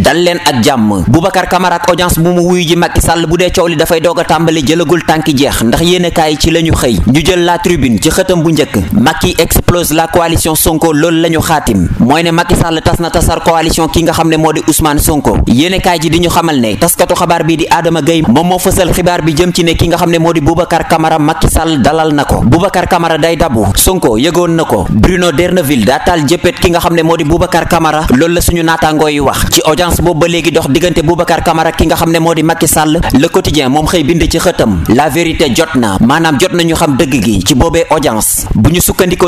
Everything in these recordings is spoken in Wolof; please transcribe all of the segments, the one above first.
dal leen ak jàmm Boubacar Camara ak audience bu mu wuyu ji Macky Sall bu dee coow li dafay doog a tàmbali jëlagul tànki jeex ndax yéenekaay ci la xëy ñu jël la tribune ci xëtam bu njëkk Macky explose la coalition Sonko loolu la xaatim mooy ne Macky Sall tas na tasar coalition ki nga xam ne moo di Ousmane Sonko yéenekaay ji di ñu xamal ne taskatu xabaar bi di Adama Gueye moom moo fësal xibaar bi jëm ci ne ki nga xam ne moo di Boubacar Camara Macky ambiance boobu ba léegi dox diggante Boubacar Camara ki nga xamné ne di Macky Sall le quotidien mom xey bind ci xëtam la vérité jotna Manam jotna ñu xam dëgg gi ci bobé audience bu ñu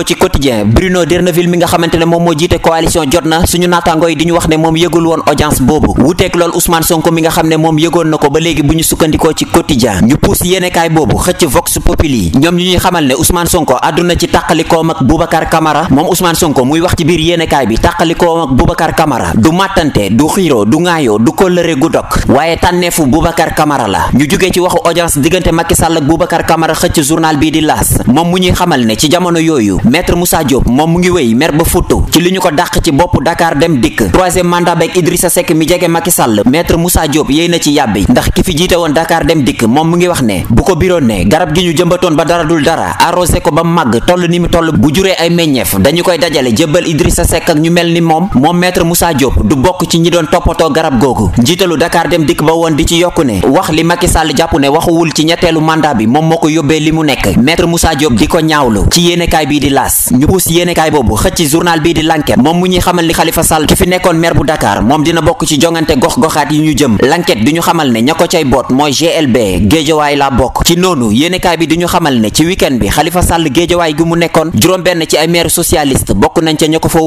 ci quotidien Bruno Derneville mi nga xamante ne moom moo jiite coalition jotna suñu naataangoo yi di ñu wax né mom yëgul won audience wuté ak lool Ousmane Sonko mi nga xamné ne moom nako ba léegi bu ñu sukkandikoo ci quotidien ñu yene kay bobu xëc vox populi ñom ñu ñuy xamal Songko. Ousmane Sonko aduna ci takaliko mak Boubacar Camara mom Ousmane Sonko muy wax ci yene kay bi takaliko mak Boubacar Camara du matanté du xiiro du ngayo du kolere gu dok waye tanefu boubacar camara la ñu joge ci waxu audience diggante Macky Sall ak boubacar camara xëc journal bi di las mom mu ñuy xamal ne ci jamono yoyu maître moussa diop mom mu ngi mer ba ci li ko ci bop dakar dem 3e mandat bek idrissa seck mi jégué Macky Sall maître moussa diop yéy na ci yabbi ndax ki fi jité won dakar dem dik. mom mu ngi wax ne bu ko biroon ne garab gi ñu jëmbatoon ba dara dul dara arrosé ko ba mag toll ni mi toll bu juré ay meññef dañu koy dajale jébbal idrissa seck ak ñu melni ni mom. maître moussa diop du bok ci ñi doon toppatoo garab googu njiitalu Dakar dem dikk ba woon di ci yokku ne wax li Macky Sall jàpp ne waxuwul ci ñetteelu mandat bi moom moo ko yóbbee li mu nekk maître Moussa Diop di ko ñaawlu ci yéenekaay bii di laas ñu puus yéenekaay boobu xëcc journal bii di l'enquête moom mu ñuy xamal ni Khalifa Sall ki fi nekkoon maire bu Dakar moom dina bokk ci jongante gox-goxaat yi ñu jëm l'enquête di ñu xamal ne ña ko cay boot mooy GLB Géejawaay la bokk ci noonu yéenekaay bi di ñu xamal ne ci week-end bi Khalifa Sall Géejawaay gi mu nekkoon juróom benn ci ay maire socialiste bokk nañ ca ko fa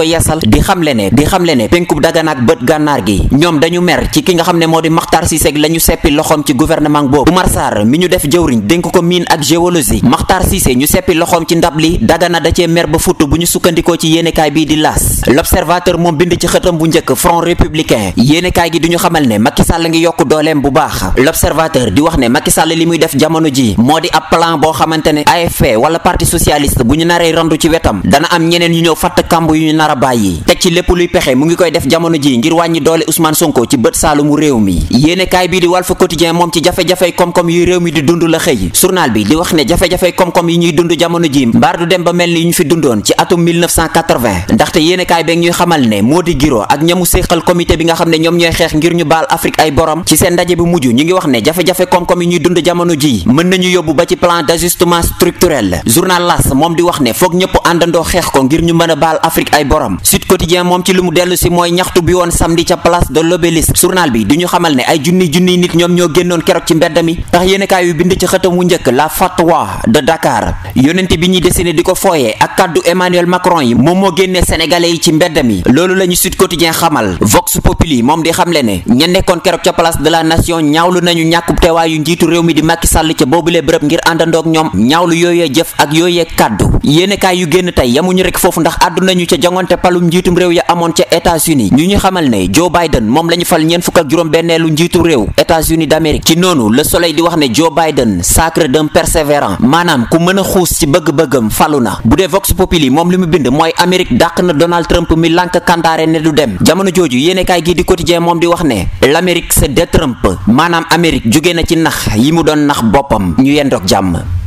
koy yeesal di xam le ne di xam le ne pénkub dagana ak bët gànnaar gi ñoom dañu mer ci ki nga xam ne moo di maxtar siise la ñu seppi loxoom ci gouvernement boobu Oumar mi ñu def jëwriñ dénk ko miin ak géologie Makhtar Cissé ñu seppi loxoom ci ndab li dagana da cee mer ba futt bu ñu sukkandikoo ci yéenekaay bii di laas l'observateur mom bind ci xëtam bu ñëk front républicain yene kay gi duñu xamal ne Macky Sall nga yok doolem bu baax l'observateur di wax ne Macky Sall li muy def jamono ji modi ap plan bo xamantene ne AFP wala parti socialiste buñu naré naree randu ci wétam dana am ñeneen ñu ñëw fatt kambu yu ñu nara bayyi bàyyi ci lepp luy pexé mu ngi koy def jamono ji ngir wañi doole Ousmane Sonko ci bët saalumu réew mi yene kay bi di Walf Quotidien mom ci jafé jafé kom kom yu réew mi di dundu la xey journal bi di wax ne jafé jafé kom kom yi ñuy dundu jamono ji mbar du dem ba melni ñu fi dundoon ci atum 1980 ndaxte yéene kaay yéenekaay bi ñuy xamal ne modi giro ak ñamu sekkal comité bi nga xamne ne ñoy xex ngir ñu bal Afrique ay borom ci sen dajje bi muju ñi ngi wax ne jafe-jafe kom kom ñuy dund jamono ji mën nañu yobbu ba ci plan d'ajustement structurel journal L'As mom di wax ne fokk ñepp andando xex ko ngir ñu mëna bal Afrique ay borom Sud Quotidien mom ci limu delu ci moy ñaxtu bi won samedi ci place de l'Obélisque journal bi di ñu xamal ne ay junni junni nit ñom ñoo gennon kérok ci mbedd mi tax kay yu bind ci xëtam wu ñëk la fatwa de Dakar yonenti bi ñi dessiné di foyé ak Emmanuel Macron yi mom mo génné sénégalais ci mbedd mi loolu lañu sud quotidien xamal vox populi mom di xam ne ña nekkon kérok ci place de la nation ñaawlu nañu téwa yu njitu réew mi di Macky Sall bobu lé bërëb ngir àndandoog ñom ñaawlu yoyé jëf ak yoyé kàddu yene kay yu genn tay yamuñu rek fofu ndax addu nañu ci jangonté palum njiitum réew ya amon ci états-unis ñu ñu xamal né joe biden mom lañu fal ñen fukk ak juroom bennelu njitu réew états-unis d'amérique ci nonu le soleil di wax né joe biden sacre d'un persévérant manam ku mëna xoos ci bëgg-bëggam faluna budé vox populi mom limu bind moy amérique dak na donald Trump mi lànk kandaare ne du dem jamono jooju yéenekaay gi di quotidien moom di wax ne l'Amérique c'est de tërëmp maanaam Amérique jóge na ci nax yi mu doon nax boppam ñu yendoog jàmm